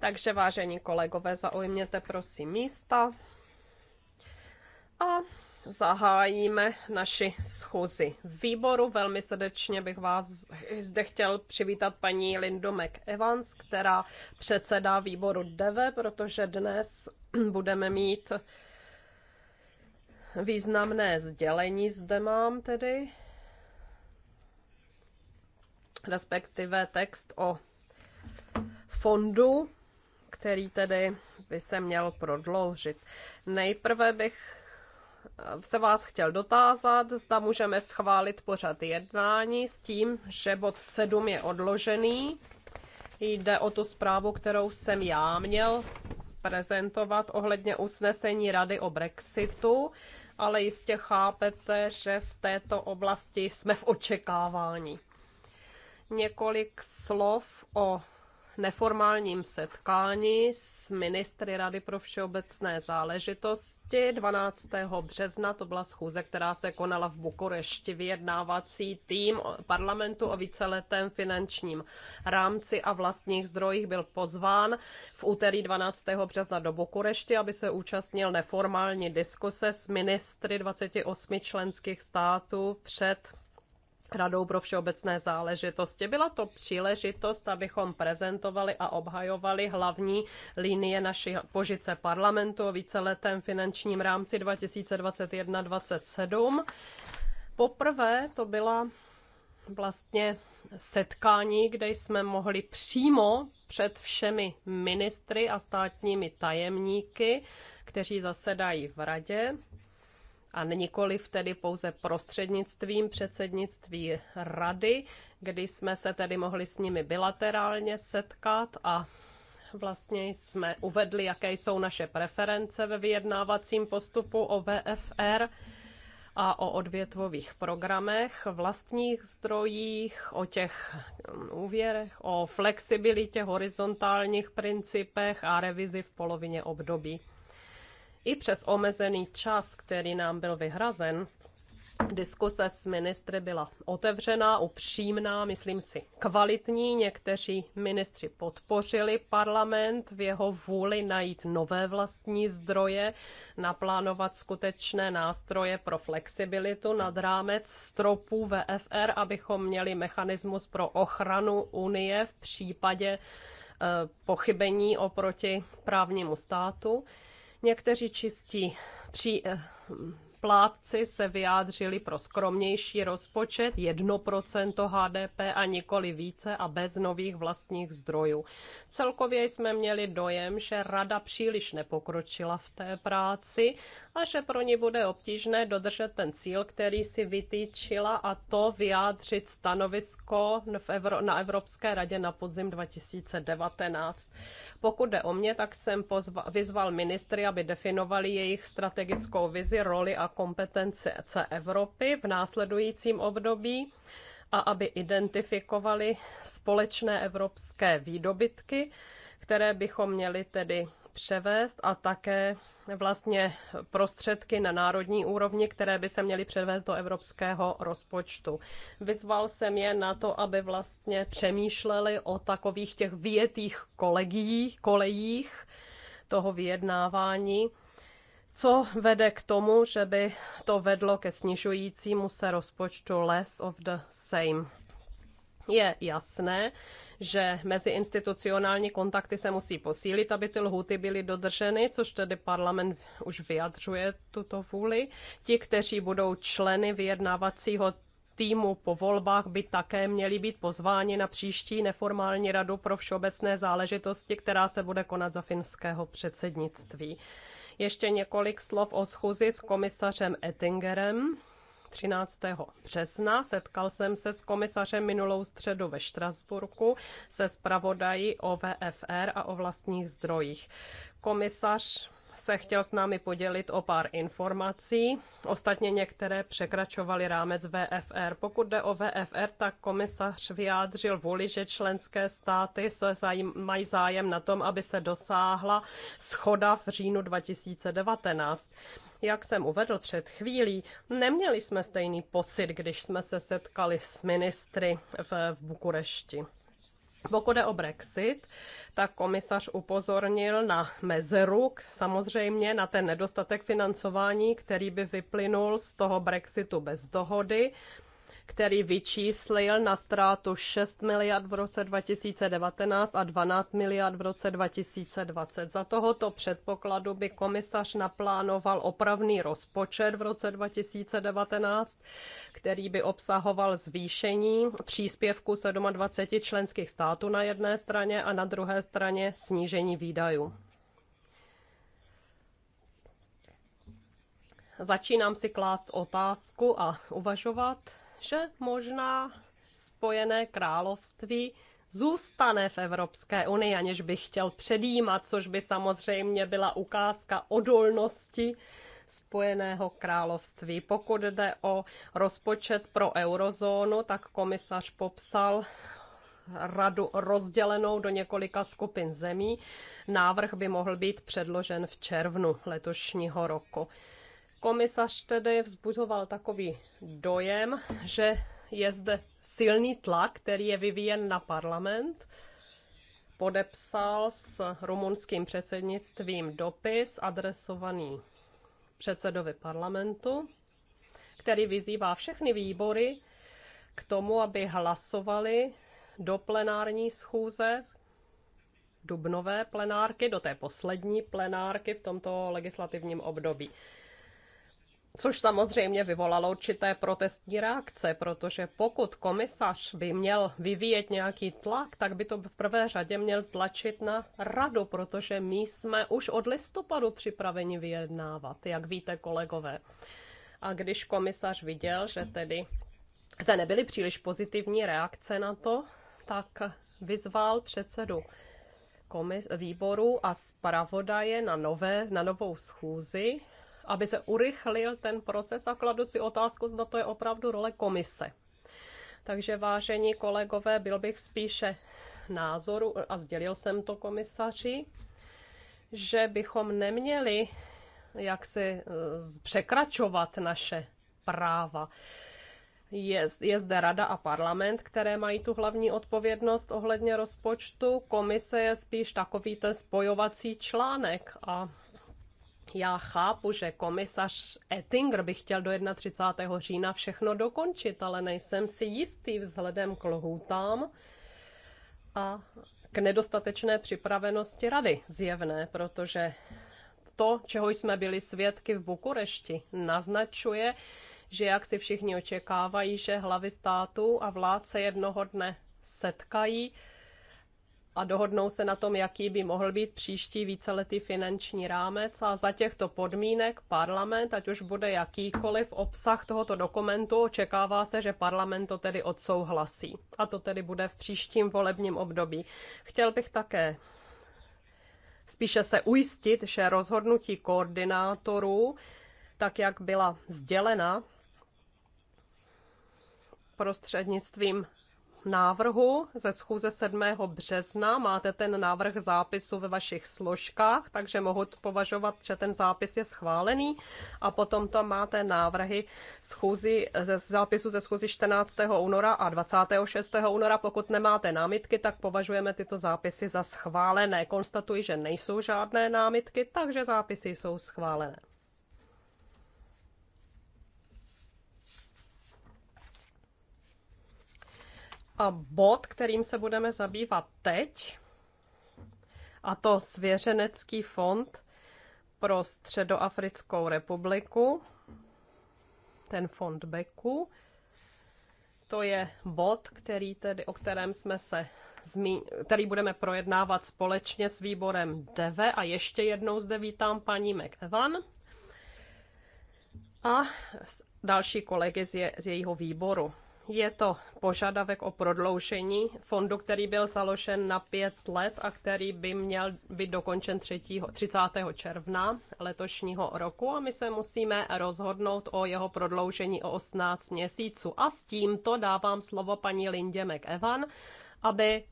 Takže vážení kolegové, zaujměte prosím místa a zahájíme naši schůzi výboru. Velmi srdečně bych vás zde chtěl přivítat paní Lindu McEvans, která předsedá výboru DEVE, protože dnes budeme mít významné sdělení, zde mám tedy respektive text o fondu, který tedy by se měl prodloužit. Nejprve bych eh, se vás chtěl dotázat, zda můžeme schválit pořad jednání s tím, že bod 7 je odložený. Jde o tu zprávu, kterou jsem já měl prezentovat ohledně usnesení Rady o Brexitu, ale jistě chápete, že v této oblasti jsme v očekávání několik slov o neformálním setkání s ministry Rady pro všeobecné záležitosti 12. března. To byla schůze, která se konala v Bukurešti. Vyjednávací tým parlamentu o víceletém finančním rámci a vlastních zdrojích byl pozván v úterý 12. března do Bukurešti, aby se účastnil neformální diskuse s ministry 28 členských států před Radou pro všeobecné záležitosti. Byla to příležitost, abychom prezentovali a obhajovali hlavní linie naší pozice parlamentu o víceletém finančním rámci 2021-2027. Poprvé to byla vlastně setkání, kde jsme mohli přímo před všemi ministry a státními tajemníky, kteří zasedají v radě, a nikoli tedy pouze prostřednictvím předsednictví rady, kdy jsme se tedy mohli s nimi bilaterálně setkat a vlastně jsme uvedli, jaké jsou naše preference ve vyjednávacím postupu o VFR a o odvětvových programech, vlastních zdrojích, o těch mm, úvěrech, o flexibilitě, horizontálních principech a revizi v polovině období. I přes omezený čas, který nám byl vyhrazen, Diskuse s ministry byla otevřená, upřímná, myslím si kvalitní. Někteří ministři podpořili parlament v jeho vůli najít nové vlastní zdroje, naplánovat skutečné nástroje pro flexibilitu nad rámec stropů VFR, abychom měli mechanismus pro ochranu Unie v případě eh, pochybení oproti právnímu státu. Někteří čistí při, eh, plátci se vyjádřili pro skromnější rozpočet 1% HDP a nikoli více a bez nových vlastních zdrojů. Celkově jsme měli dojem, že rada příliš nepokročila v té práci a že pro ní bude obtížné dodržet ten cíl, který si vytýčila a to vyjádřit stanovisko na Evropské radě na podzim 2019. Pokud jde o mě, tak jsem pozva, vyzval ministry, aby definovali jejich strategickou vizi, roli a kompetenci C Evropy v následujícím období a aby identifikovali společné evropské výdobytky, které bychom měli tedy převést a také vlastně prostředky na národní úrovni, které by se měly převést do evropského rozpočtu. Vyzval jsem je na to, aby vlastně přemýšleli o takových těch větých kolegích, kolejích toho vyjednávání, co vede k tomu, že by to vedlo ke snižujícímu se rozpočtu less of the same. Je jasné, že meziinstitucionální kontakty se musí posílit, aby ty lhuty byly dodrženy, což tedy parlament už vyjadřuje tuto vůli. Ti, kteří budou členy vyjednávacího týmu po volbách by také měli být pozváni na příští neformální radu pro všeobecné záležitosti, která se bude konat za finského předsednictví. Ještě několik slov o schůzi s komisařem Ettingerem. 13. března. Setkal jsem se s komisařem minulou středu ve Štrasburku se zpravodají o VFR a o vlastních zdrojích. Komisař se chtěl s námi podělit o pár informací. Ostatně některé překračovaly rámec VFR. Pokud jde o VFR, tak komisař vyjádřil vůli, že členské státy se zajím, mají zájem na tom, aby se dosáhla schoda v říjnu 2019 jak jsem uvedl před chvílí, neměli jsme stejný pocit, když jsme se setkali s ministry v, v Bukurešti. Pokud jde o Brexit, tak komisař upozornil na mezeru, samozřejmě na ten nedostatek financování, který by vyplynul z toho Brexitu bez dohody který vyčíslil na ztrátu 6 miliard v roce 2019 a 12 miliard v roce 2020. Za tohoto předpokladu by komisař naplánoval opravný rozpočet v roce 2019, který by obsahoval zvýšení příspěvku 27 členských států na jedné straně a na druhé straně snížení výdajů. začínám si klást otázku a uvažovat, že možná Spojené království zůstane v Evropské unii, aniž by chtěl předjímat, což by samozřejmě byla ukázka odolnosti Spojeného království. Pokud jde o rozpočet pro eurozónu, tak komisař popsal radu rozdělenou do několika skupin zemí. Návrh by mohl být předložen v červnu letošního roku. Komisař tedy vzbudoval takový dojem, že je zde silný tlak, který je vyvíjen na parlament. Podepsal s rumunským předsednictvím dopis adresovaný předsedovi parlamentu, který vyzývá všechny výbory k tomu, aby hlasovali do plenární schůze dubnové plenárky, do té poslední plenárky v tomto legislativním období. Což samozřejmě vyvolalo určité protestní reakce, protože pokud komisař by měl vyvíjet nějaký tlak, tak by to v prvé řadě měl tlačit na radu, protože my jsme už od listopadu připraveni vyjednávat, jak víte kolegové. A když komisař viděl, že tedy zde nebyly příliš pozitivní reakce na to, tak vyzval předsedu komis- výboru a zpravodaje na, nové, na novou schůzi aby se urychlil ten proces a kladu si otázku, zda to je opravdu role komise. Takže vážení kolegové, byl bych spíše názoru, a sdělil jsem to komisaři, že bychom neměli jak si eh, překračovat naše práva. Je, je zde rada a parlament, které mají tu hlavní odpovědnost ohledně rozpočtu. Komise je spíš takový ten spojovací článek a já chápu, že komisař Ettinger by chtěl do 31. října všechno dokončit, ale nejsem si jistý vzhledem k lhůtám a k nedostatečné připravenosti rady zjevné, protože to, čeho jsme byli svědky v Bukurešti, naznačuje, že jak si všichni očekávají, že hlavy států a vládce jednoho dne setkají, a dohodnou se na tom, jaký by mohl být příští víceletý finanční rámec a za těchto podmínek parlament, ať už bude jakýkoliv obsah tohoto dokumentu, očekává se, že parlament to tedy odsouhlasí. A to tedy bude v příštím volebním období. Chtěl bych také spíše se ujistit, že rozhodnutí koordinátorů, tak jak byla sdělena prostřednictvím návrhu ze schůze 7. března. Máte ten návrh zápisu ve vašich složkách, takže mohu považovat, že ten zápis je schválený. A potom tam máte návrhy schůzi, ze zápisu ze schůzi 14. února a 26. února. Pokud nemáte námitky, tak považujeme tyto zápisy za schválené. Konstatuji, že nejsou žádné námitky, takže zápisy jsou schválené. A bod, kterým se budeme zabývat teď, a to Svěřenecký fond pro Středoafrickou republiku, ten fond Beku, to je bod, který tedy, o kterém jsme se který budeme projednávat společně s výborem DEVE a ještě jednou zde vítám paní McEvan a další kolegy z, je, z jejího výboru. Je to požadavek o prodloužení fondu, který byl založen na pět let a který by měl být dokončen 3. 30. června letošního roku a my se musíme rozhodnout o jeho prodloužení o 18 měsíců. A s tímto dávám slovo paní Lindě McEvan, aby eh,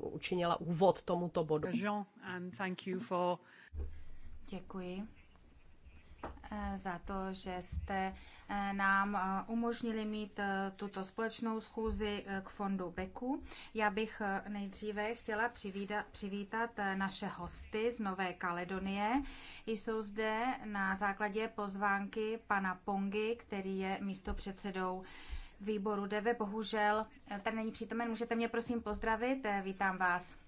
učinila úvod tomuto bodu. Jean, and thank you for... Děkuji Eh, za to, že jste eh, nám eh, umožnili mít tuto společnou schůzi k fondu Beku. Já bych nejdříve chtěla přivítat naše hosty z Nové Kaledonie. Jsou zde na základě pozvánky pana Pongy, který je místopředsedou výboru DV. Bohužel tady není přítomen, můžete mě prosím pozdravit. Vítám vás.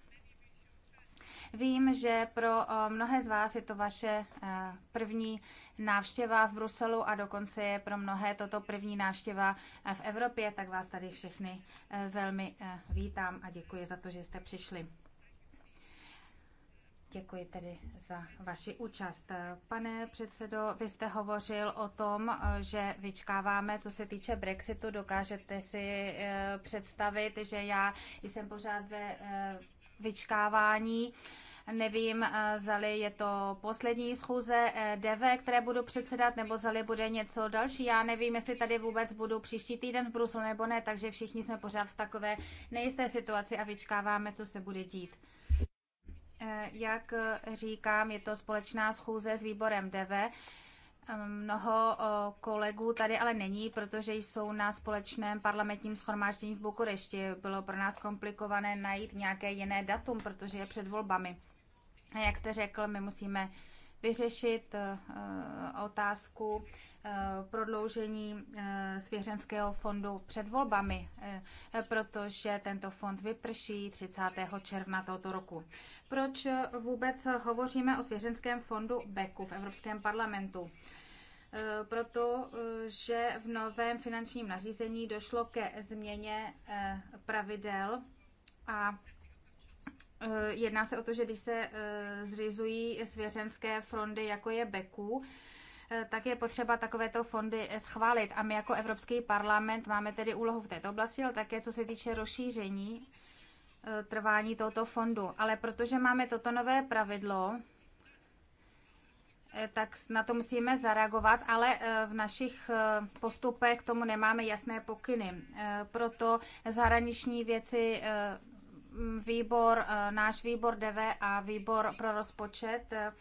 Vím, že pro eh, mnohé z vás je to vaše eh, první návštěva v Bruselu a dokonce je pro mnohé toto první návštěva eh, v Evropě, tak vás tady všechny velmi vítám a děkuji za to, že jste přišli. Děkuji tedy za vaši účast. Pane předsedo, vy jste hovořil o tom, že vyčkáváme, co se týče Brexitu. Dokážete si představit, že já jsem pořád ve vyčkávání. Nevím, eh, zali je to poslední schůze eh, DV, které budu předsedat, nebo zali bude něco další. Já nevím, jestli tady vůbec budu příští týden v Bruselu nebo ne, takže všichni jsme pořád v takové nejisté situaci a vyčkáváme, co se bude dít. Eh, jak říkám, je to společná schůze s výborem DV Mnoho eh, kolegů tady ale není, protože jsou na společném parlamentním schromáždění v Bukurešti. Bylo pro nás komplikované najít nějaké jiné datum, protože je před volbami. A jak jste řekl, my musíme vyřešit eh, eh, otázku eh, prodloužení svěřenského fondu před volbami, protože tento fond vyprší 30. června tohoto roku. Proč vůbec hovoříme o svěřenském fondu BEKu v Evropském parlamentu? protože v novém finančním nařízení došlo ke změně pravidel a Eh, jedná se o to, že když se eh, zřizují svěřenské fondy, jako je Beku, eh, tak je potřeba takovéto fondy schválit. A my jako Evropský parlament máme tedy úlohu v této oblasti, ale také co se týče rozšíření trvání tohoto fondu. Ale protože máme toto nové pravidlo, tak na to musíme zareagovat, ale v našich postupech k tomu nemáme jasné pokyny. Proto zahraniční věci výbor, eh, náš výbor DV a výbor pro rozpočet eh,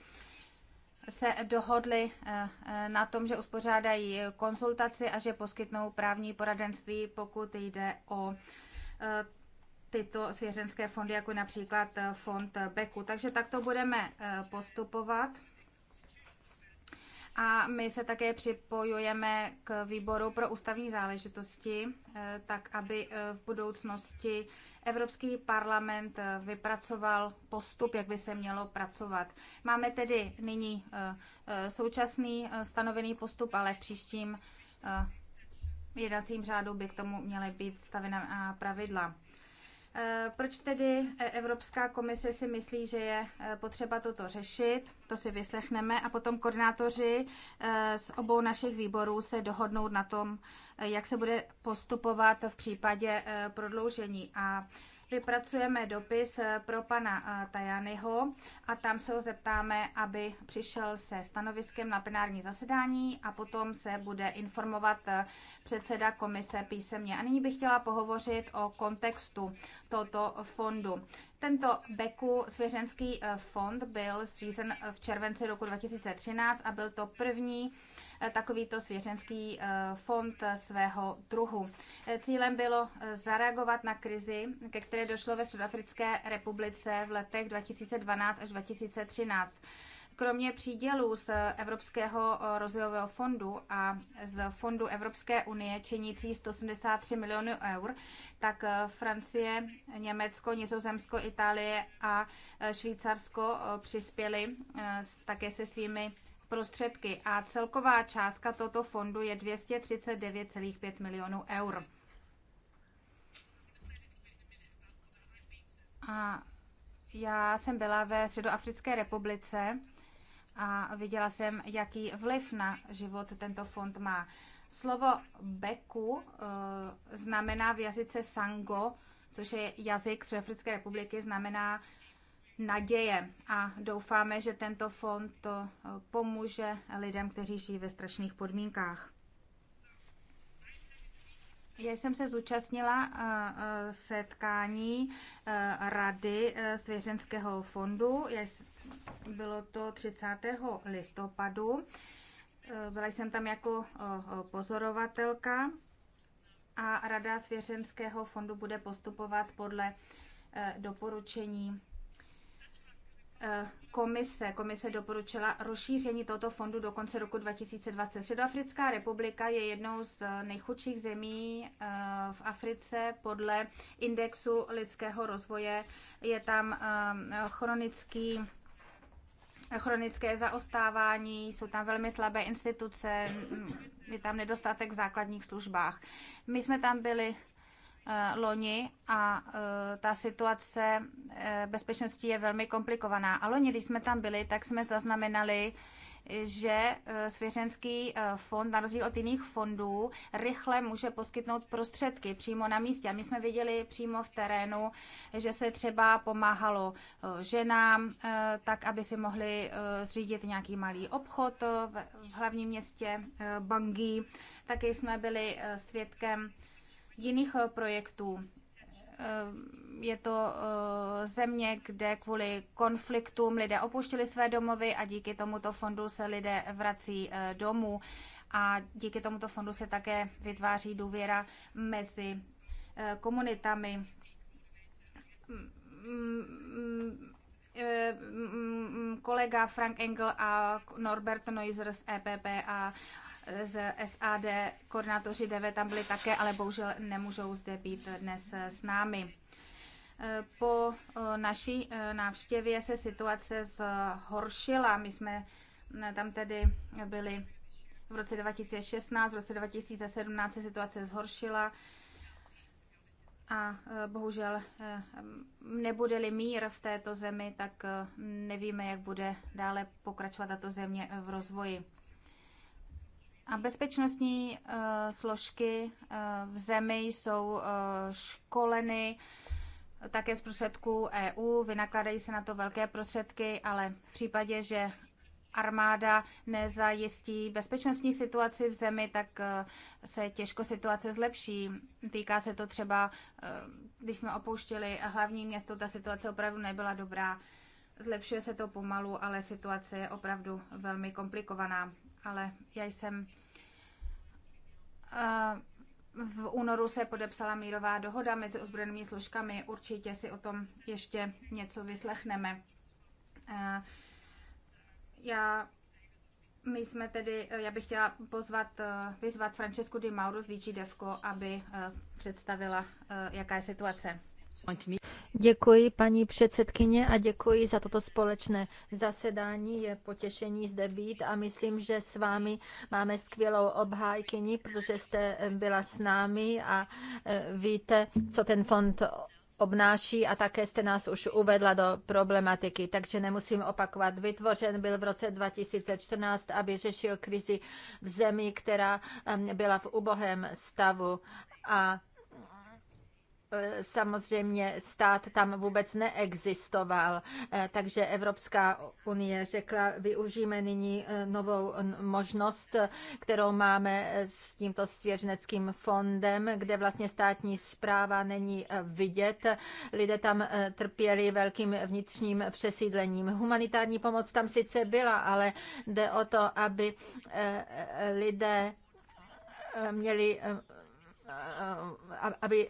se dohodli eh, na tom, že uspořádají konzultaci a že poskytnou právní poradenství, pokud jde o tyto svěřenské fondy, jako například fond Beku. Takže takto budeme postupovat. A my se také připojujeme k výboru pro ústavní záležitosti, eh, tak aby eh, v budoucnosti Evropský parlament eh, vypracoval postup, jak by se mělo pracovat. Máme tedy nyní současný stanovený postup, ale v příštím jednacím řádu by k tomu měly být stavěna pravidla. Eh, proč tedy eh, Evropská komise si myslí, že je eh, potřeba toto řešit? To si vyslechneme a potom koordinátoři z obou našich výborů se dohodnou na tom, jak se bude postupovat v případě prodloužení. A vypracujeme dopis eh, pro pana eh, Tajanyho a tam se ho zeptáme, aby přišel se stanoviskem na plenární zasedání a potom se bude informovat eh, předseda komise písemně. A nyní bych chtěla pohovořit o kontextu tohoto fondu. Tento Beku svěřenský fond byl zřízen v červenci roku 2013 a byl to první Eh, takovýto svěřenský eh, fond svého druhu. Eh, cílem bylo zareagovat na krizi, ke které došlo ve Středoafrické republice v letech 2012 až 2013. Kromě přídělů z Evropského rozvojového fondu a z fondu Evropské unie činící 183 milionů eur, tak Francie, Německo, Nizozemsko, Itálie a Švýcarsko přispěly také se svými prostředky a celková částka tohoto fondu je 239,5 milionů eur. A já jsem byla ve Středoafrické republice a viděla jsem, jaký vliv na život tento fond má. Slovo beku eh, znamená v jazyce sango, což je jazyk Středoafrické republiky, znamená naděje a doufáme, že tento fond to eh, pomůže lidem, kteří žijí ve strašných podmínkách. Já jsem se zúčastnila eh, eh, setkání Rady Svěřenského fondu. Bylo to 30. listopadu. Byla jsem tam jako pozorovatelka a Rada Svěřenského fondu bude postupovat podle doporučení Eh, komise. Komise doporučila rozšíření tohoto fondu do konce roku 2020. Středoafrická republika je jednou z nejchudších zemí eh, v Africe podle indexu lidského rozvoje. Je tam eh, chronický chronické zaostávání, jsou tam velmi slabé instituce, je tam nedostatek v základních službách. My jsme tam byli Eh, loni a eh, ta situace eh, bezpečnosti je velmi komplikovaná. A loni, když jsme tam byli, tak jsme zaznamenali, že svěřenský fond, na rozdíl od jiných fondů, rychle může poskytnout prostředky přímo na místě. A my jsme viděli přímo v terénu, že se třeba pomáhalo ženám, tak aby si mohli zřídit nějaký malý obchod v hlavním městě Bangui. Taky jsme byli svědkem jiných eh, projektů. Eh, je to eh, země, kde kvůli konfliktům lidé opuštili své domovy a díky tomuto fondu se lidé vrací domů a díky tomuto fondu se také vytváří důvěra mezi komunitami mm, mm, mm, kolega Frank Engel a Norbert Neuser z EPP a z SAD, koordinátoři DV tam byli také, ale bohužel nemůžou zde být dnes s námi. E, po e, naší e, návštěvě se situace zhoršila. My jsme tam tedy byli v roce 2016, v roce 2017 se situace zhoršila a bohužel nebude-li mír v této zemi, tak nevíme, jak bude dále pokračovat tato země v rozvoji. A bezpečnostní uh, složky uh, v zemi jsou uh, školeny také z prostředků EU, vynakladají se na to velké prostředky, ale v případě, že armáda nezajistí bezpečnostní situaci v zemi, tak se těžko situace zlepší. Týká se to třeba, když jsme opouštěli hlavní město, ta situace opravdu nebyla dobrá. Zlepšuje se to pomalu, ale situace je opravdu velmi komplikovaná. Ale já jsem v únoru se podepsala mírová dohoda mezi ozbrojenými složkami. Určitě si o tom ještě něco vyslechneme. Já my jsme tedy, já bych chtěla pozvat, eh, vyzvat Francesku Di Mauro z DG Devco, aby eh, představila, eh, jaká je situace. Děkuji paní předsedkyně a děkuji za toto společné zasedání. Je potěšení zde být a myslím, že s vámi máme skvělou obhájkyni, protože jste eh, byla s námi a eh, víte, co ten fond obnáší a také jste nás už uvedla do problematiky, takže nemusím opakovat. Vytvořen byl v roce 2014, aby řešil krizi v zemi, která byla v ubohém stavu a Eh, samozřejmě stát tam vůbec neexistoval. Eh, takže Evropská unie řekla, využijeme nyní eh, novou možnost, kterou máme s tímto svěřeneckým fondem, kde vlastně státní zpráva není vidět. Lidé tam trpěli velkým vnitřním přesídlením. Humanitární pomoc tam sice byla, ale jde o to, aby lidé měli aby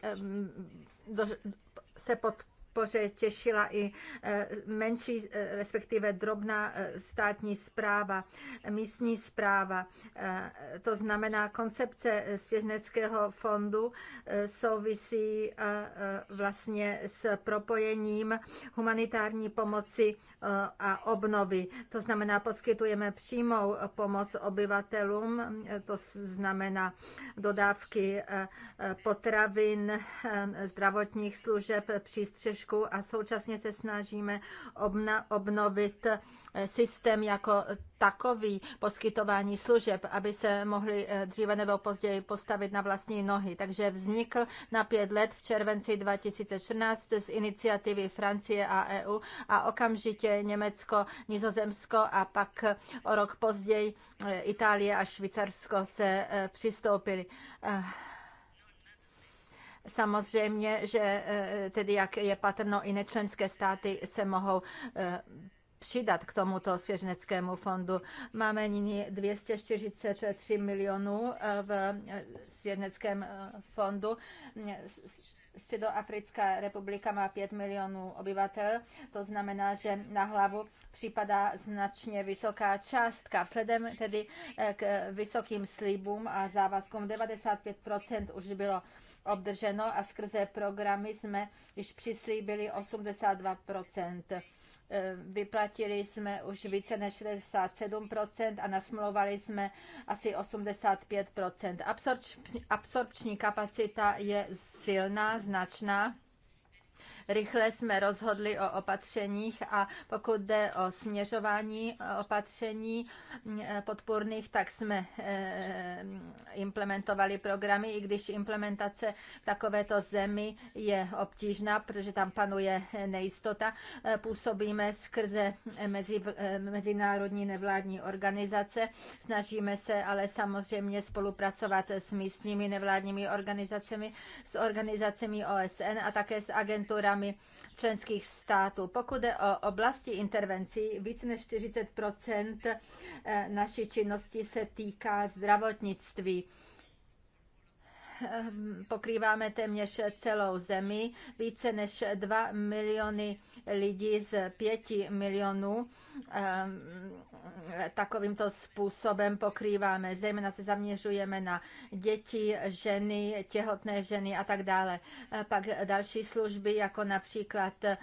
se pod podpoře těšila i e, menší, e, respektive drobná e, státní zpráva, místní zpráva. To znamená, koncepce svěřeneckého fondu souvisí vlastně s propojením humanitární pomoci a obnovy. To znamená, poskytujeme přímou pomoc obyvatelům, to znamená dodávky potravin, zdravotních služeb, přístřežků, balíčku a současně se snažíme obna, obnovit eh, systém jako takový poskytování služeb, aby se mohli eh, dříve nebo později postavit na vlastní nohy. Takže vznikl na pět let v červenci 2014 z iniciativy Francie a EU a okamžitě Německo, Nizozemsko a pak eh, o rok později Itálie a Švýcarsko se přistoupili. Samozřejmě, že e, tedy jak je patrno, i nečlenské státy se mohou e, přidat k tomuto svěřeneckému fondu. Máme nyní 243 milionů e, v svěřeneckém fondu Středoafrická republika má 5 milionů obyvatel, to znamená, že na hlavu připadá značně vysoká částka. Vzhledem tedy eh, k vysokým slibům a závazkům 95% už bylo obdrženo a skrze programy jsme již přislíbili 82%. Eh, vyplatili jsme už více než 67% a nasmlovali jsme asi 85%. Absorpční, absorpční kapacita je silná, značná rychle jsme rozhodli o opatřeních a pokud jde o směřování e, opatření e, podpůrných, tak jsme e, implementovali programy, i když implementace v takovéto zemi je obtížná, protože tam panuje nejistota. Působíme skrze mezi, mezinárodní nevládní organizace, snažíme se ale samozřejmě spolupracovat s místními nevládními organizacemi, s organizacemi OSN a také s agenturami programy členských států. Pokud je o oblasti intervencí, více než 40 eh, naší činnosti se týká zdravotnictví. Ehm, pokrýváme téměř celou zemi. Více než 2 miliony lidí z 5 milionů ehm, takovýmto způsobem pokrýváme. Zejména se zaměřujeme na děti, ženy, těhotné ženy a tak dále. Pak další služby, jako například ehm,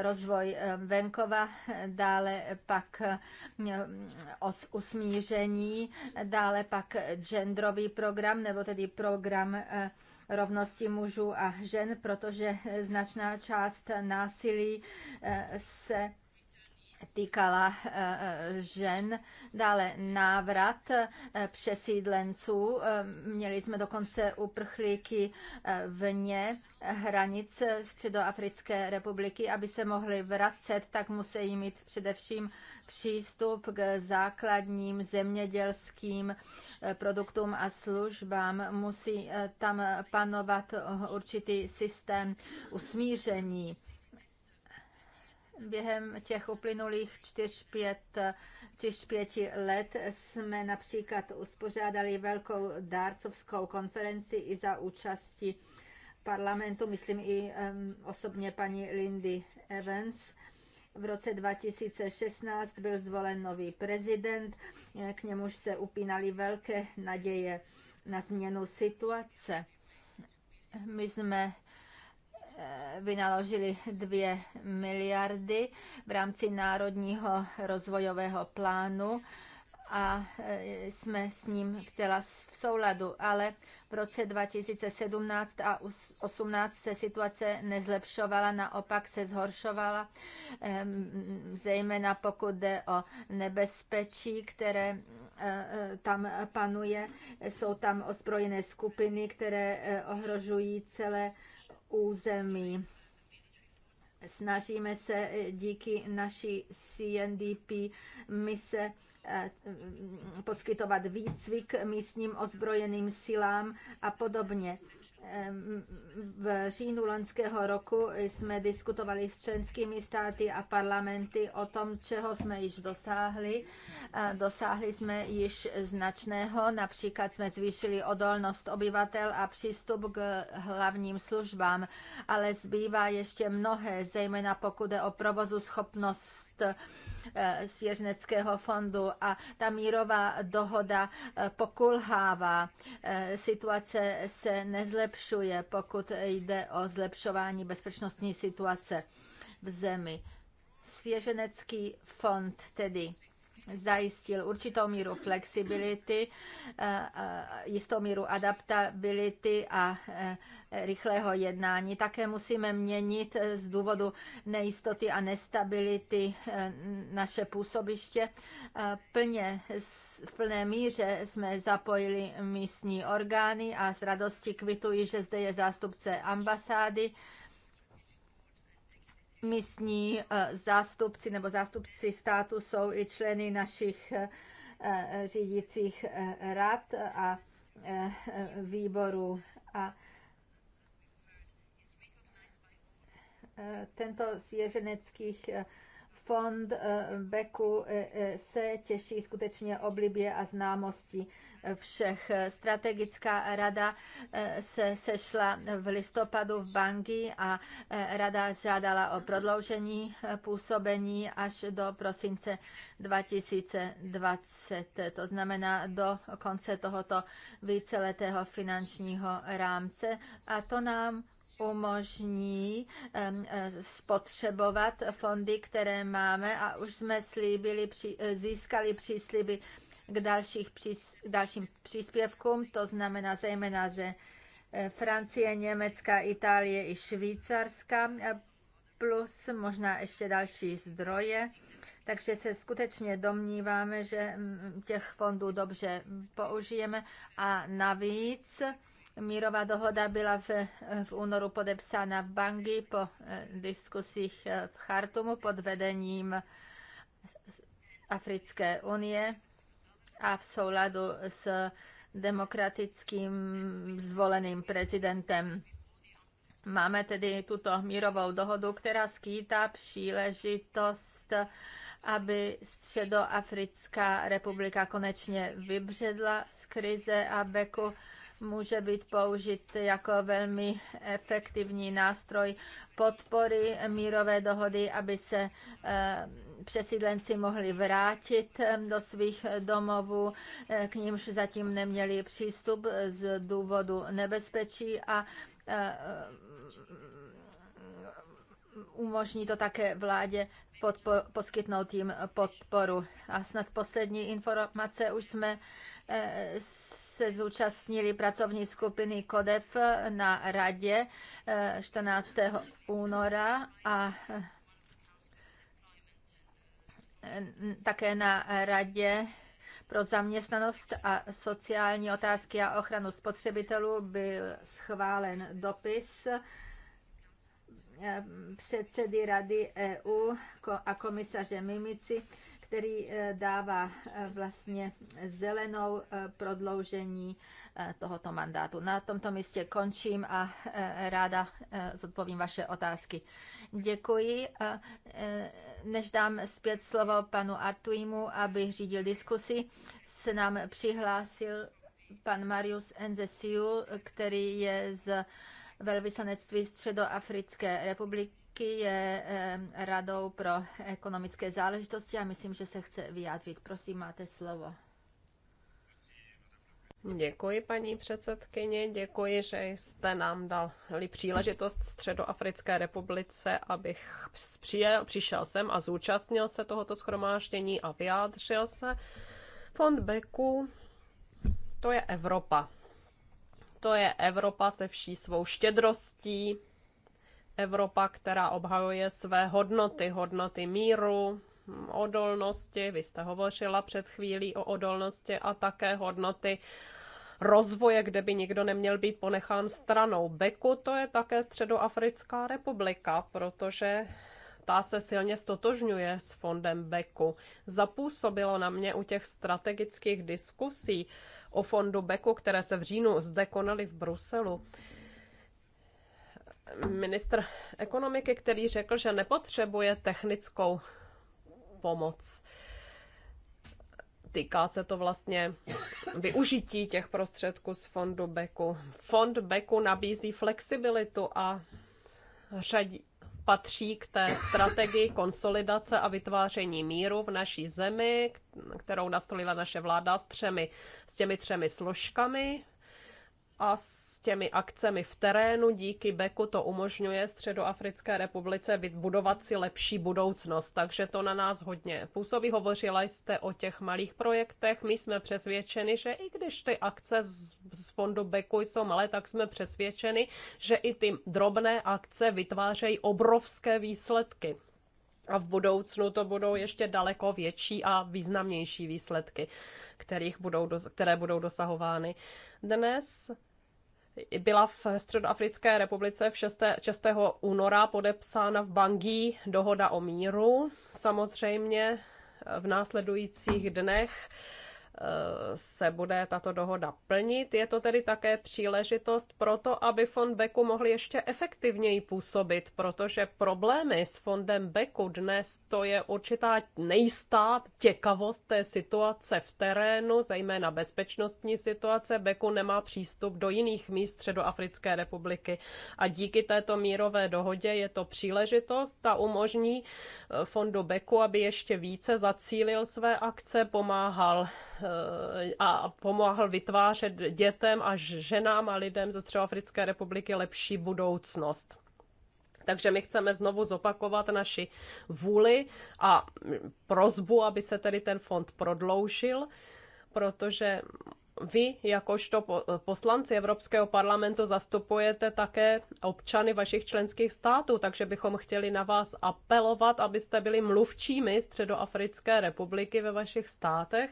rozvoj venkova, dále pak usmíření, dále pak genderový program, nebo tedy program Eh, rovnosti mužů a žen, protože značná část násilí eh, se týkala eh, eh, žen. Dále návrat eh, přesídlenců. Měli jsme dokonce uprchlíky vně hranic Středoafrické republiky. Aby se mohli vracet, tak musí mít především přístup k základním zemědělským produktům a službám. Musí tam panovat určitý systém usmíření během těch uplynulých 4-5 let jsme například uspořádali velkou dárcovskou konferenci i za účasti parlamentu, myslím i um, osobně paní Lindy Evans. V roce 2016 byl zvolen nový prezident, eh, k němuž se upínaly velké naděje na změnu situace. My jsme vynaložili 2 miliardy v rámci Národního rozvojového plánu a e, jsme s ním vcela v souladu, ale v roce 2017 a 2018 se situace nezlepšovala, naopak se zhoršovala, zejména pokud jde o nebezpečí, které e, e, tam panuje. Jsou tam ozbrojené skupiny, které ohrožují celé území. Snažíme se eh, díky naší CNDP mise eh, poskytovat výcvik místním ozbrojeným silám a podobně. V říjnu loňského roku jsme diskutovali s členskými státy a parlamenty o tom, čeho jsme již dosáhli. Dosáhli jsme již značného, například jsme zvýšili odolnost obyvatel a přístup k hlavním službám, ale zbývá ještě mnohé, zejména pokud je o provozu schopnost Eh, svěřeneckého fondu a ta mírová dohoda eh, pokulhává. Eh, situace se nezlepšuje, pokud jde o zlepšování bezpečnostní situace v zemi. Svěřenecký fond tedy zajistil určitou míru flexibility, eh, eh, jistou míru adaptability a eh, rychlého jednání. Také musíme měnit z důvodu nejistoty a nestability naše působiště. Plně, v plné míře jsme zapojili místní orgány a s radostí kvituji, že zde je zástupce ambasády místní eh, zástupci nebo zástupci státu jsou i členy našich eh, eh, řídících rad a výboru. A tento svěřeneckých Fond eh, Beku eh, eh, se těší skutečně oblibě a známosti všech. Strategická rada se sešla v listopadu v Bangi a rada žádala o prodloužení působení až do prosince 2020, to znamená do konce tohoto víceletého finančního rámce. A to nám umožní eh, spotřebovat fondy, které máme a už jsme slíbili, eh, získali přísliby k, dalších, k dalším příspěvkům, to znamená zejména ze eh, Francie, Německa, Itálie i Švýcarska, plus možná ještě další zdroje. Takže se skutečně domníváme, že mm, těch fondů dobře použijeme a navíc Mírová dohoda byla v, v únoru podepsána v Bangi po eh, diskusích eh, v Chartumu pod vedením Africké unie a v souladu s demokratickým zvoleným prezidentem. Máme tedy tuto mírovou dohodu, která skýtá příležitost, aby Středoafrická republika konečně vybředla z krize a beku může být použit jako velmi efektivní nástroj podpory mírové dohody, aby se eh, přesídlenci mohli vrátit eh, do svých domovů, eh, k nímž zatím neměli přístup z důvodu nebezpečí a umožní to také vládě podpo, poskytnout jim podporu. A snad poslední informace už jsme se zúčastnili pracovní skupiny KODEF na radě eh, 14. února a eh, také na radě pro zaměstnanost a sociální otázky a ochranu spotřebitelů byl schválen dopis eh, předsedy Rady EU a komisaře Mimici který eh, dává eh, vlastně zelenou eh, prodloužení tohoto mandátu. Na tomto místě končím a ráda zodpovím vaše otázky. Děkuji. Než dám zpět slovo panu Artuimu, aby řídil diskusi, se nám přihlásil pan Marius Enzesiu, který je z velvyslanectví Středoafrické republiky je radou pro ekonomické záležitosti a myslím, že se chce vyjádřit. Prosím, máte slovo. Děkuji, paní předsedkyně, děkuji, že jste nám dali příležitost Středoafrické republice, abych přijel, přišel sem a zúčastnil se tohoto schromáždění a vyjádřil se. Fond Beku, to je Evropa. To je Evropa se vší svou štědrostí, Evropa, která obhajuje své hodnoty, hodnoty míru, odolnosti, vy jste hovořila před chvílí o odolnosti a také hodnoty rozvoje, kde by nikdo neměl být ponechán stranou. Beku to je také Středoafrická republika, protože ta se silně stotožňuje s fondem Beku. Zapůsobilo na mě u těch strategických diskusí o fondu Beku, které se v říjnu zde konaly v Bruselu, ministr ekonomiky, který řekl, že nepotřebuje technickou pomoc. Týká se to vlastně využití těch prostředků z fondu Beku. Fond Beku nabízí flexibilitu a řadí, patří k té strategii konsolidace a vytváření míru v naší zemi, kterou nastolila naše vláda s, třemi, s těmi třemi složkami a s těmi akcemi v terénu díky Beku to umožňuje Středoafrické republice budovat si lepší budoucnost, takže to na nás hodně působí. Hovořila jste o těch malých projektech, my jsme přesvědčeni, že i když ty akce z, z fondu Beku jsou malé, tak jsme přesvědčeni, že i ty drobné akce vytvářejí obrovské výsledky a v budoucnu to budou ještě daleko větší a významnější výsledky, kterých budou, které budou dosahovány. Dnes byla v Středoafrické republice 6. 6. února podepsána v Bangí dohoda o míru. Samozřejmě v následujících dnech se bude tato dohoda plnit. Je to tedy také příležitost pro to, aby fond Beku mohl ještě efektivněji působit, protože problémy s fondem Beku dnes to je určitá nejistá těkavost té situace v terénu, zejména bezpečnostní situace. Beku nemá přístup do jiných míst Středoafrické republiky a díky této mírové dohodě je to příležitost, a umožní eh, fondu Beku, aby ještě více zacílil své akce, pomáhal a pomáhal vytvářet dětem a ženám a lidem ze Středoafrické republiky lepší budoucnost. Takže my chceme znovu zopakovat naši vůli a prozbu, aby se tedy ten fond prodloužil, protože vy, jakožto poslanci Evropského parlamentu, zastupujete také občany vašich členských států, takže bychom chtěli na vás apelovat, abyste byli mluvčími Středoafrické republiky ve vašich státech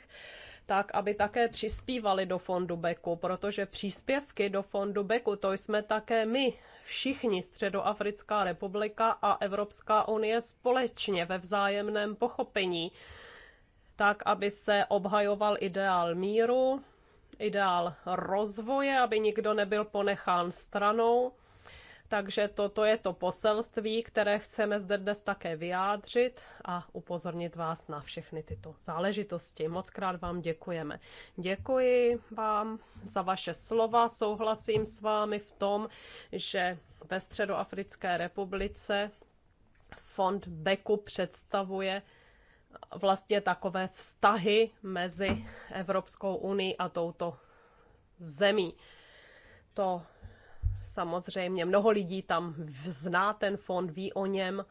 tak, aby také přispívali do fondu Beku, protože příspěvky do fondu Beku, to jsme také my, všichni Středoafrická republika a Evropská unie společně ve vzájemném pochopení, tak, aby se obhajoval ideál míru, ideál rozvoje, aby nikdo nebyl ponechán stranou takže toto je to poselství, které chceme zde dnes také vyjádřit a upozornit vás na všechny tyto záležitosti. Moc krát vám děkujeme. Děkuji vám za vaše slova. Souhlasím s vámi v tom, že ve Středoafrické republice fond Beku představuje vlastně takové vztahy mezi Evropskou unii a touto zemí. To samozřejmě mnoho lidí tam zná ten fond, ví o něm,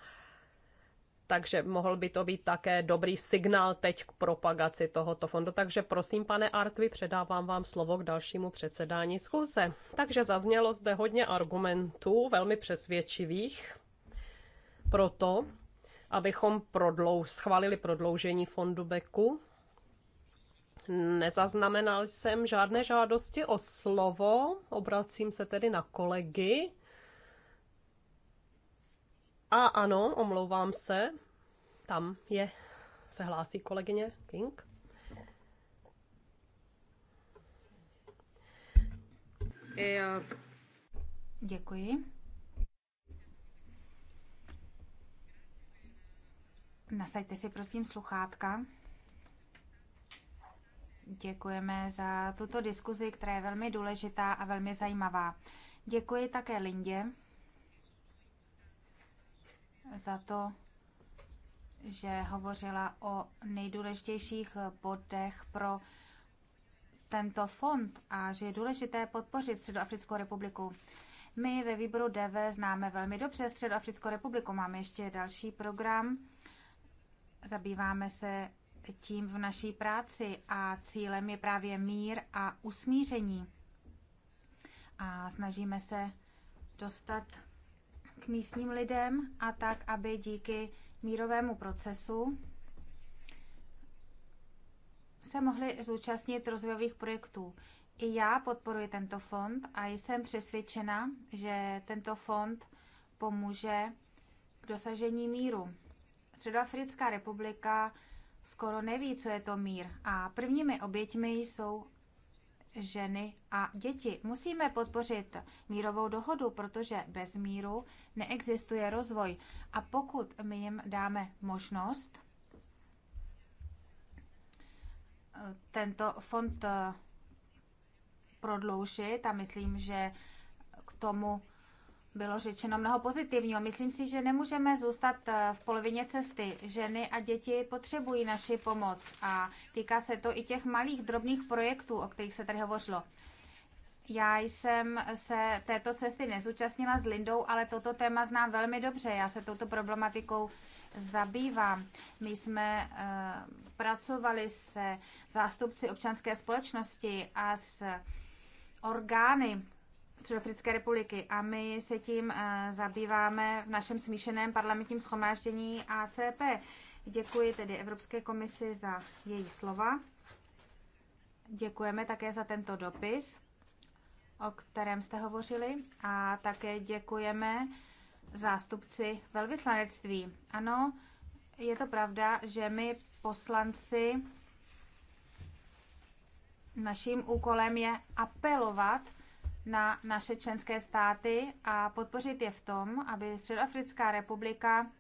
takže mohl by to být také dobrý signál teď k propagaci tohoto fondu. Takže prosím, pane Artvi, předávám vám slovo k dalšímu předsedání schůze. Takže zaznělo zde hodně argumentů, velmi přesvědčivých, proto, abychom prodlou, schválili prodloužení fondu Beku Nezaznamenal jsem žádné žádosti o slovo, obracím se tedy na kolegy. A ano, omlouvám se, tam je, se hlásí kolegyně King. Děkuji. Nasaďte si prosím sluchátka. Děkujeme za tuto diskuzi, která je velmi důležitá a velmi zajímavá. Děkuji také Lindě za to, že hovořila o nejdůležitějších bodech pro tento fond a že je důležité podpořit Středoafrickou republiku. My ve výboru DV známe velmi dobře Středoafrickou republiku. Máme ještě další program. Zabýváme se tím v naší práci a cílem je právě mír a usmíření. A snažíme se dostat k místním lidem a tak, aby díky mírovému procesu se mohli zúčastnit rozvojových projektů. I já podporuji tento fond a jsem přesvědčena, že tento fond pomůže k dosažení míru. Středoafrická republika skoro neví, co je to mír. A prvními oběťmi jsou ženy a děti. Musíme podpořit mírovou dohodu, protože bez míru neexistuje rozvoj. A pokud my jim dáme možnost, tento fond eh, prodloužit a myslím, že k tomu bylo řečeno mnoho pozitivního. Myslím si, že nemůžeme zůstat eh, v polovině cesty. Ženy a děti potřebují naši pomoc a týká se to i těch malých drobných projektů, o kterých se tady hovořilo. Já jsem se této cesty nezúčastnila s Lindou, ale toto téma znám velmi dobře. Já se touto problematikou zabývám. My jsme uh, pracovali se zástupci občanské společnosti a s orgány Středoafrické republiky a my se tím eh, zabýváme v našem smíšeném parlamentním schromáždění ACP. Děkuji tedy Evropské komisi za její slova. Děkujeme také za tento dopis, o kterém jste hovořili, a také děkujeme zástupci velvyslanectví. Ano, je to pravda, že my poslanci naším úkolem je apelovat na naše členské státy a podpořit je v tom, aby Středoafrická republika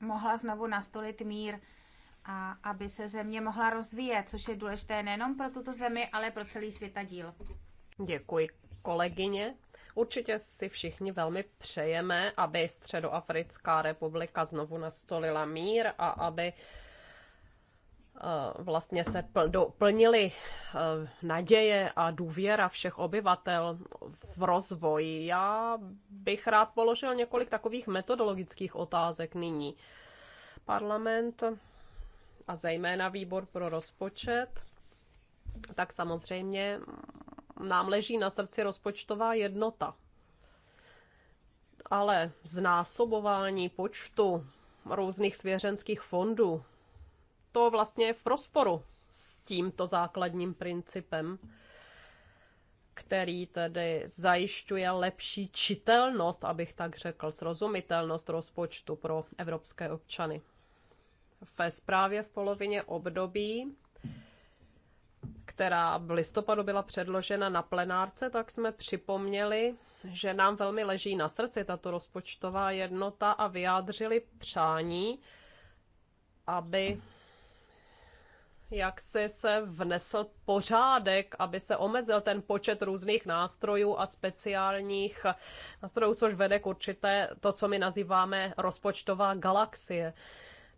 mohla znovu nastolit mír a aby se země mohla rozvíjet, což je důležité nejenom pro tuto zemi, ale pro celý díl. Děkuji kolegyně. Určitě si všichni velmi přejeme, aby Středoafrická republika znovu nastolila mír a aby Eh, vlastně se plnily eh, naděje a důvěra všech obyvatel v rozvoji. Já bych rád položil několik takových metodologických otázek nyní. Parlament a zejména výbor pro rozpočet, tak samozřejmě nám leží na srdci rozpočtová jednota. Ale znásobování počtu různých svěřenských fondů, to vlastně je v rozporu s tímto základním principem, který tedy zajišťuje lepší čitelnost, abych tak řekl, srozumitelnost rozpočtu pro evropské občany. Ve zprávě v polovině období která v listopadu byla předložena na plenárce, tak jsme připomněli, že nám velmi leží na srdci tato rozpočtová jednota a vyjádřili přání, aby jak si se vnesl pořádek, aby se omezil ten počet různých nástrojů a speciálních nástrojů, což vede k určité to, co my nazýváme rozpočtová galaxie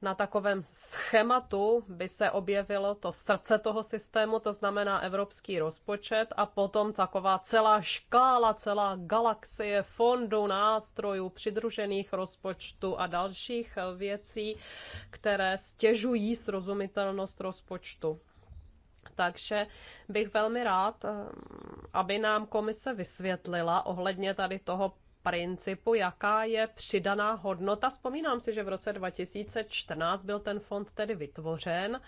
na takovém schématu by se objevilo to srdce toho systému, to znamená evropský rozpočet a potom taková celá škála, celá galaxie fondů, nástrojů, přidružených rozpočtů a dalších věcí, které stěžují srozumitelnost rozpočtu. Takže bych velmi rád, eh, aby nám komise vysvětlila ohledně tady toho principu, jaká je přidaná hodnota. Vzpomínám si, že v roce 2014 byl ten fond tedy vytvořen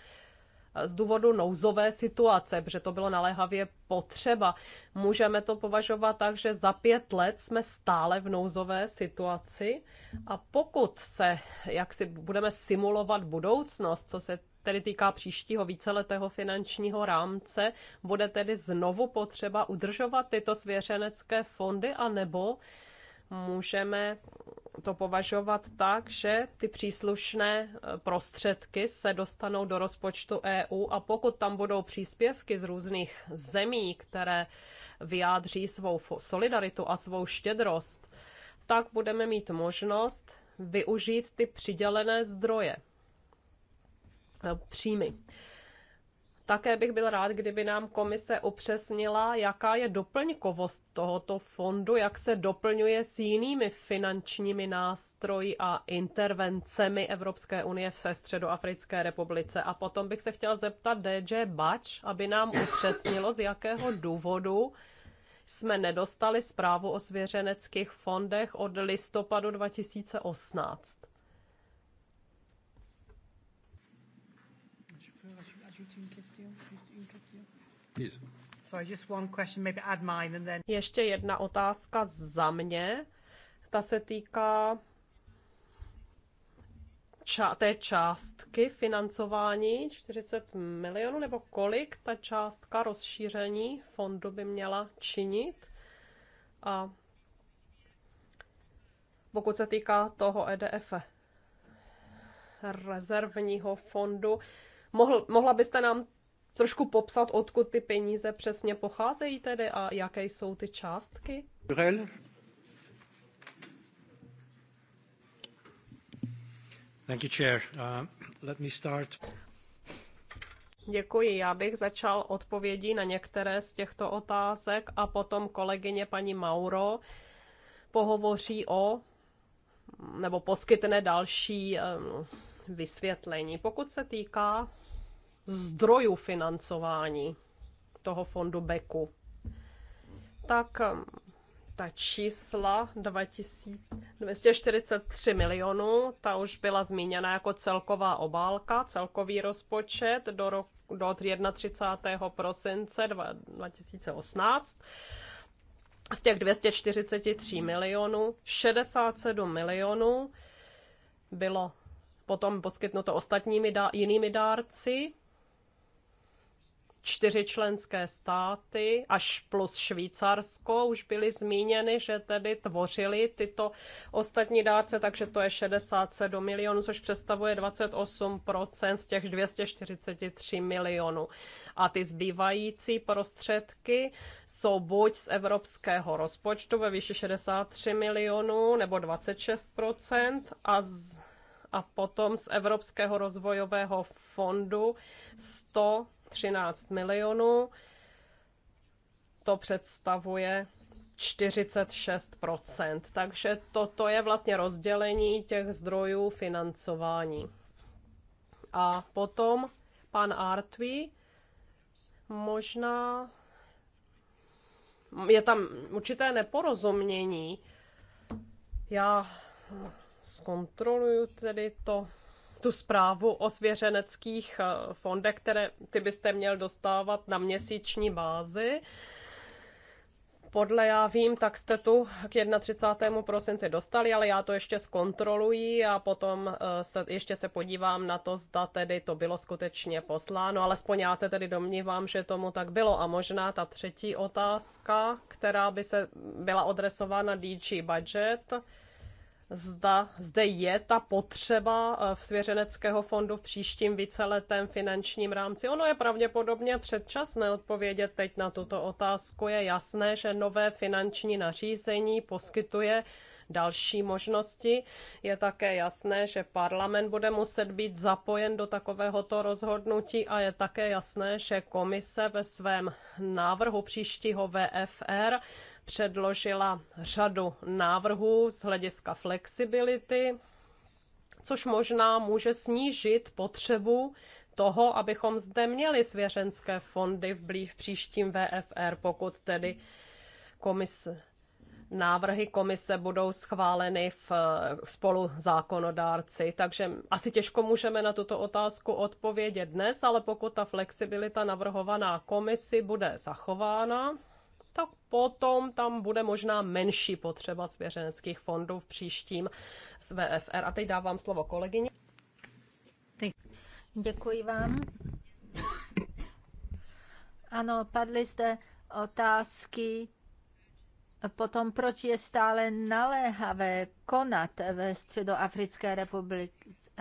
z důvodu nouzové situace, protože to bylo naléhavě potřeba. Můžeme to považovat tak, že za pět let jsme stále v nouzové situaci a pokud se, jak si budeme simulovat budoucnost, co se tedy týká příštího víceletého finančního rámce, bude tedy znovu potřeba udržovat tyto svěřenecké fondy a nebo můžeme to považovat tak, že ty příslušné eh, prostředky se dostanou do rozpočtu EU a pokud tam budou příspěvky z různých zemí, které vyjádří svou solidaritu a svou štědrost, tak budeme mít možnost využít ty přidělené zdroje, eh, příjmy. Také bych byl rád, kdyby nám komise upřesnila, jaká je doplňkovost tohoto fondu, jak se doplňuje s jinými finančními nástroji a intervencemi Evropské unie v Středoafrické republice. A potom bych se chtěl zeptat DJ Bač, aby nám upřesnilo, z jakého důvodu jsme nedostali zprávu o svěřeneckých fondech od listopadu 2018. Ještě jedna otázka za mě. Ta se týká ča- té částky financování 40 milionů, nebo kolik ta částka rozšíření fondu by měla činit. A pokud se týká toho EDF rezervního fondu, mohl, mohla byste nám trošku popsat, odkud ty peníze přesně pocházejí tedy a jaké jsou ty částky? Jurel? Thank you, Chair. Uh, let me start. Děkuji. Já bych začal odpovědí na některé z těchto otázek a potom kolegyně paní Mauro pohovoří o nebo poskytne další um, vysvětlení. Pokud se týká zdrojů financování toho fondu Beku. Tak um, ta čísla 243 milionů, ta už byla zmíněna jako celková obálka, celkový rozpočet do, roku, do 31. prosince 2018. Z těch 243 milionů, 67 milionů bylo potom poskytnuto ostatními dá, jinými dárci čtyři členské státy, až plus Švýcarsko, už byly zmíněny, že tedy tvořili tyto ostatní dárce, takže to je 67 milionů, což představuje 28% z těch 243 milionů. A ty zbývající prostředky jsou buď z evropského rozpočtu ve výši 63 milionů nebo 26% a z a potom z Evropského rozvojového fondu 100 13 milionů. To představuje 46 Takže toto je vlastně rozdělení těch zdrojů financování. A potom pan Artví možná je tam určité neporozumění. Já zkontroluju tedy to tu zprávu o svěřeneckých eh, fondech, které ty byste měl dostávat na měsíční bázi. Podle já vím, tak jste tu k 31. prosinci dostali, ale já to ještě zkontroluji a potom eh, se, ještě se podívám na to, zda tedy to bylo skutečně posláno. Alespoň já se tedy domnívám, že tomu tak bylo. A možná ta třetí otázka, která by se byla adresována DG Budget, zda zde je ta potřeba eh, v svěřeneckého fondu v příštím víceletém finančním rámci. Ono je pravděpodobně předčasné odpovědět teď na tuto otázku. Je jasné, že nové finanční nařízení poskytuje další možnosti. Je také jasné, že parlament bude muset být zapojen do takovéhoto rozhodnutí a je také jasné, že komise ve svém návrhu příštího VFR předložila řadu návrhů z hlediska flexibility, což možná může snížit potřebu toho, abychom zde měli svěřenské fondy v blíž příštím VFR, pokud tedy komise, návrhy komise budou schváleny v spolu zákonodárci. Takže asi těžko můžeme na tuto otázku odpovědět dnes, ale pokud ta flexibilita navrhovaná komisi bude zachována, tak potom tam bude možná menší potřeba svěřeneckých fondů v příštím z VFR. A teď dávám slovo kolegyni. Děkuji vám. Ano, padly zde otázky potom, proč je stále naléhavé konat ve Středoafrické republice?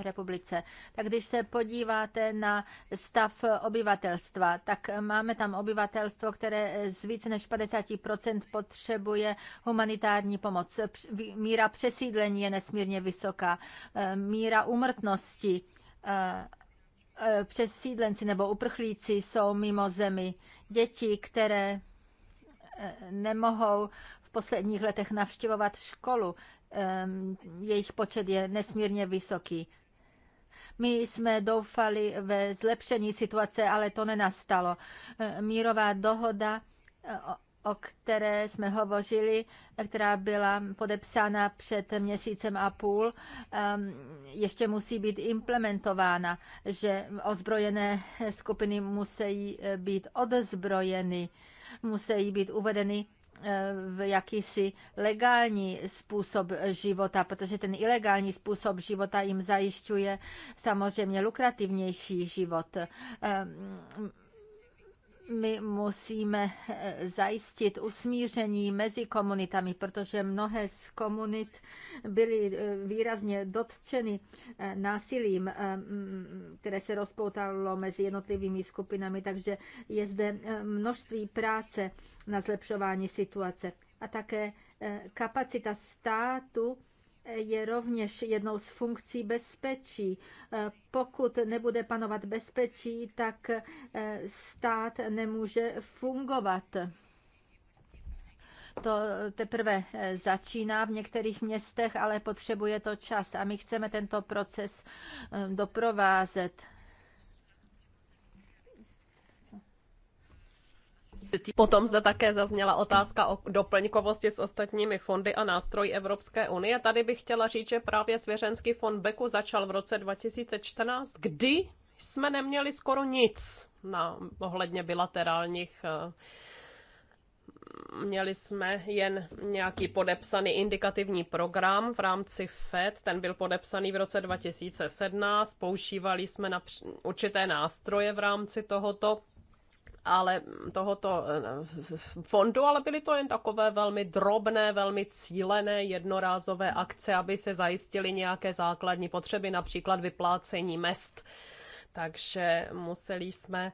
republice. Tak když se podíváte na stav obyvatelstva, tak máme tam obyvatelstvo, které z více než 50% potřebuje humanitární pomoc. Míra přesídlení je nesmírně vysoká. E, míra umrtnosti e, e, přesídlenci nebo uprchlíci jsou mimo zemi. Děti, které nemohou v posledních letech navštěvovat školu, jejich počet je nesmírně vysoký. My jsme doufali ve zlepšení situace, ale to nenastalo. E, mírová dohoda e, o které jsme hovořili, e, která byla podepsána před měsícem a půl, ještě musí být implementována, že ozbrojené skupiny musí být odzbrojeny, musí být uvedeny Eh, v jakýsi legální způsob života, protože ten ilegální způsob života jim zajišťuje samozřejmě lukrativnější život. Eh, my musíme eh, zajistit usmíření mezi komunitami, protože mnohé z komunit byly eh, výrazně dotčeny eh, násilím, které se rozpoutalo mezi jednotlivými skupinami, takže je zde množství práce na zlepšování situace a také kapacita státu je rovněž jednou z funkcí bezpečí. Eh, pokud nebude panovat bezpečí, tak eh, stát nemůže fungovat. To teprve eh, začíná v některých městech, ale potřebuje to čas a my chceme tento proces doprovázet Potom zde také zazněla otázka o doplňkovosti s ostatními fondy a nástroj Evropské unie. Tady bych chtěla říct, že právě svěřenský fond Beku začal v roce 2014, kdy jsme neměli skoro nic na ohledně bilaterálních eh, měli jsme jen nějaký podepsaný indikativní program v rámci FED, ten byl podepsaný v roce 2017, používali jsme na určité nástroje v rámci tohoto ale tohoto eh, eh, fondu, ale byly to jen takové velmi drobné, velmi cílené jednorázové akce, aby se zajistily nějaké základní potřeby, například vyplácení mest. Takže museli jsme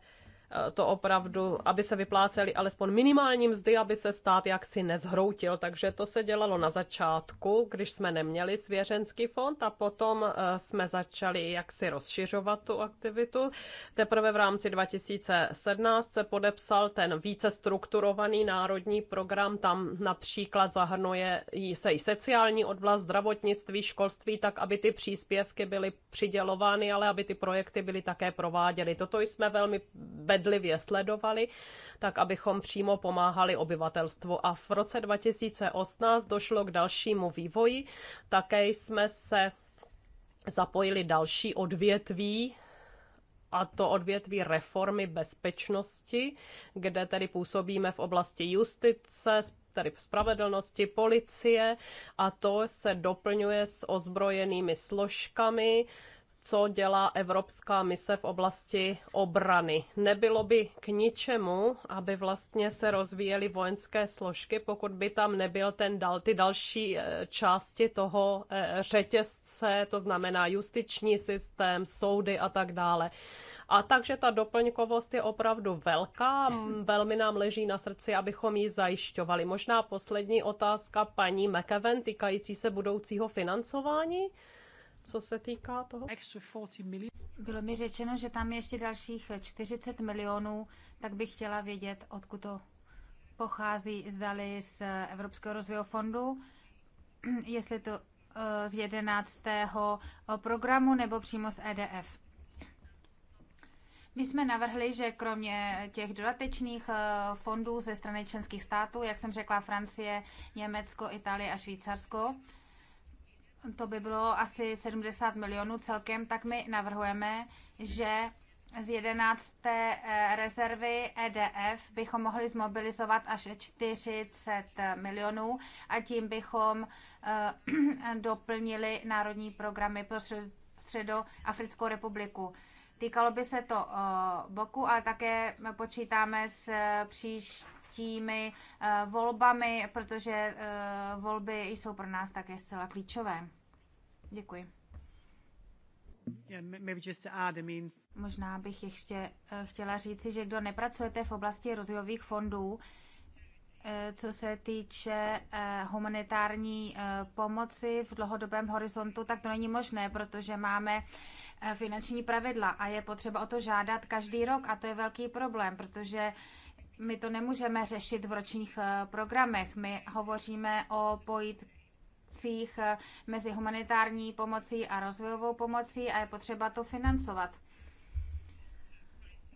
Eh, to opravdu, aby se vypláceli alespoň minimální mzdy, aby se stát jaksi nezhroutil. Takže to se dělalo na začátku, když jsme neměli svěřenský fond a potom eh, jsme začali jaksi rozšiřovat tu aktivitu. Teprve v rámci 2017 se podepsal ten více strukturovaný národní program, tam například zahrnuje se i sociální odvlast, zdravotnictví, školství, tak aby ty příspěvky byly přidělovány, ale aby ty projekty byly také prováděny. Toto jsme velmi bedlivě sledovali, tak abychom přímo pomáhali obyvatelstvu. A v roce 2018 došlo k dalšímu vývoji. Také jsme se zapojili další odvětví, a to odvětví reformy bezpečnosti, kde tedy působíme v oblasti justice, tedy spravedlnosti, policie a to se doplňuje s ozbrojenými složkami, co dělá Evropská mise v oblasti obrany. Nebylo by k ničemu, aby vlastně se rozvíjely vojenské složky, pokud by tam nebyl ten dal, ty další eh, části toho eh, řetězce, to znamená justiční systém, soudy a tak dále. A takže ta doplňkovost je opravdu velká, velmi nám leží na srdci, abychom ji zajišťovali. Možná poslední otázka paní McEwen týkající se budoucího financování co se týká toho. Bylo mi řečeno, že tam je ještě dalších 40 milionů, tak bych chtěla vědět, odkud to pochází, zdali z Evropského rozvojového fondu, jestli to eh, z 11. Eh, programu nebo přímo z EDF. My jsme navrhli, že kromě těch dodatečných eh, fondů ze strany členských států, jak jsem řekla, Francie, Německo, Itálie a Švýcarsko, to by bylo asi 70 milionů celkem, tak my navrhujeme, že z 11. Eh, rezervy EDF bychom mohli zmobilizovat až 40 milionů a tím bychom eh, doplnili národní programy pro Středoafrickou republiku. Týkalo by se to eh, boku, ale také počítáme s příští příštími eh, volbami, protože eh, volby jsou pro nás také zcela klíčové. Děkuji. Možná bych ještě eh, chtěla říci, že kdo nepracujete v oblasti rozvojových fondů, co se týče humanitární pomoci v dlouhodobém horizontu, tak to není možné, protože máme finanční pravidla a je potřeba o to žádat každý rok a to je velký problém, protože my to nemůžeme řešit v ročních eh, programech. My hovoříme o pojít eh, mezi humanitární pomocí a rozvojovou pomocí a je potřeba to financovat.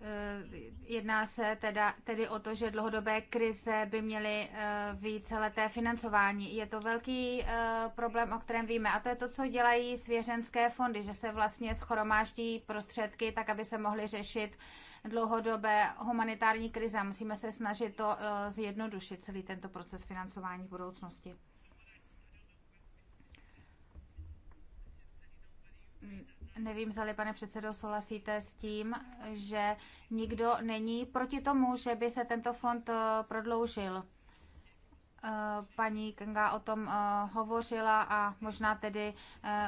Eh, jedná se teda, tedy o to, že dlouhodobé krize by měly eh, víceleté financování. Je to velký eh, problém, o kterém víme. A to je to, co dělají svěřenské fondy, že se vlastně schromáždí prostředky tak, aby se mohly řešit dlouhodobé humanitární krize. Musíme se snažit to zjednodušit, celý tento proces financování v budoucnosti. Nevím, zali pane předsedo souhlasíte s tím, že nikdo není proti tomu, že by se tento fond eh, prodloužil. Eh, paní Kenga o tom eh, hovořila a možná tedy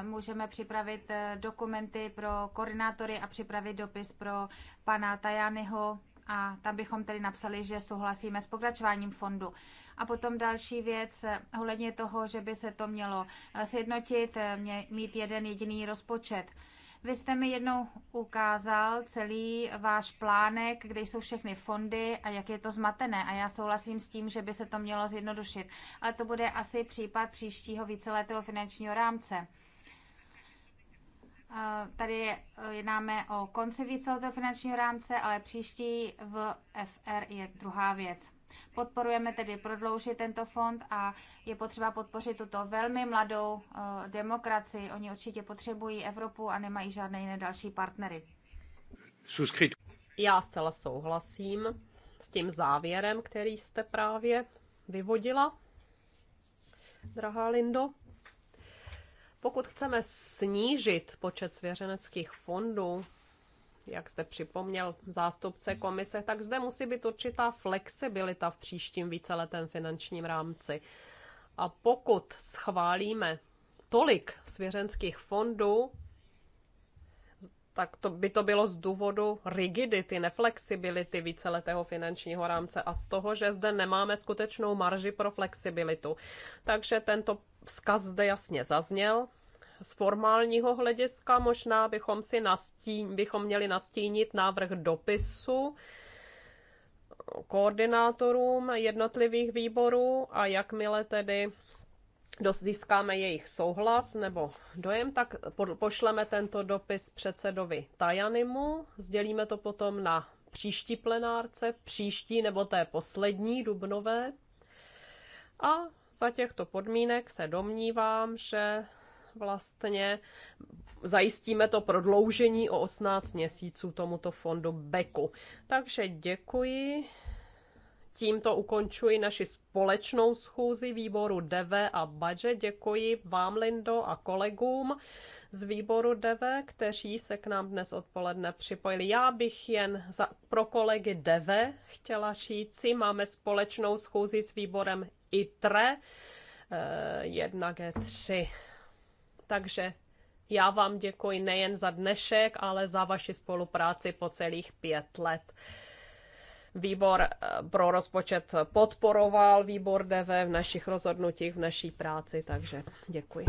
můžeme připravit dokumenty pro koordinátory a připravit dopis pro pana Tajányho a tam bychom tedy napsali, že souhlasíme s pokračováním fondu. A potom další věc, ohledně toho, že by se to mělo sjednotit, mít jeden jediný rozpočet. Vy jste mi jednou ukázal celý váš plánek, kde jsou všechny fondy a jak je to zmatené. A já souhlasím s tím, že by se to mělo zjednodušit. Ale to bude asi případ příštího víceletého finančního rámce. Eh, tady eh, jednáme o konci víceletého finančního rámce, ale příští v FR je druhá věc. Podporujeme tedy prodloužit tento fond a je potřeba podpořit tuto velmi mladou eh, demokracii. Oni určitě potřebují Evropu a nemají žádné jiné další partnery. Já zcela souhlasím s tím závěrem, který jste právě vyvodila, drahá Lindo. Pokud chceme snížit počet svěřeneckých fondů, jak jste připomněl zástupce komise, tak zde musí být určitá flexibilita v příštím víceletém finančním rámci. A pokud schválíme tolik svěřenských fondů, tak to by to bylo z důvodu rigidity, neflexibility víceletého finančního rámce a z toho, že zde nemáme skutečnou marži pro flexibilitu. Takže tento vzkaz zde jasně zazněl z formálního hlediska možná bychom, si nastín, bychom měli nastínit návrh dopisu koordinátorům jednotlivých výborů a jakmile tedy získáme jejich souhlas nebo dojem, tak pošleme tento dopis předsedovi Tajanimu, sdělíme to potom na příští plenárce, příští nebo té poslední dubnové. A za těchto podmínek se domnívám, že vlastně zajistíme to prodloužení o 18 měsíců tomuto fondu BEKu. Takže děkuji. Tímto ukončuji naši společnou schůzi výboru DV a Badže. Děkuji vám, Lindo, a kolegům z výboru DV, kteří se k nám dnes odpoledne připojili. Já bych jen za, pro kolegy DV chtěla říci, máme společnou schůzi s výborem ITRE 1G3. Eh, takže já vám děkuji nejen za dnešek, ale za vaši spolupráci po celých pět let. Výbor eh, pro rozpočet podporoval výbor DV v našich rozhodnutích, v naší práci, takže děkuji.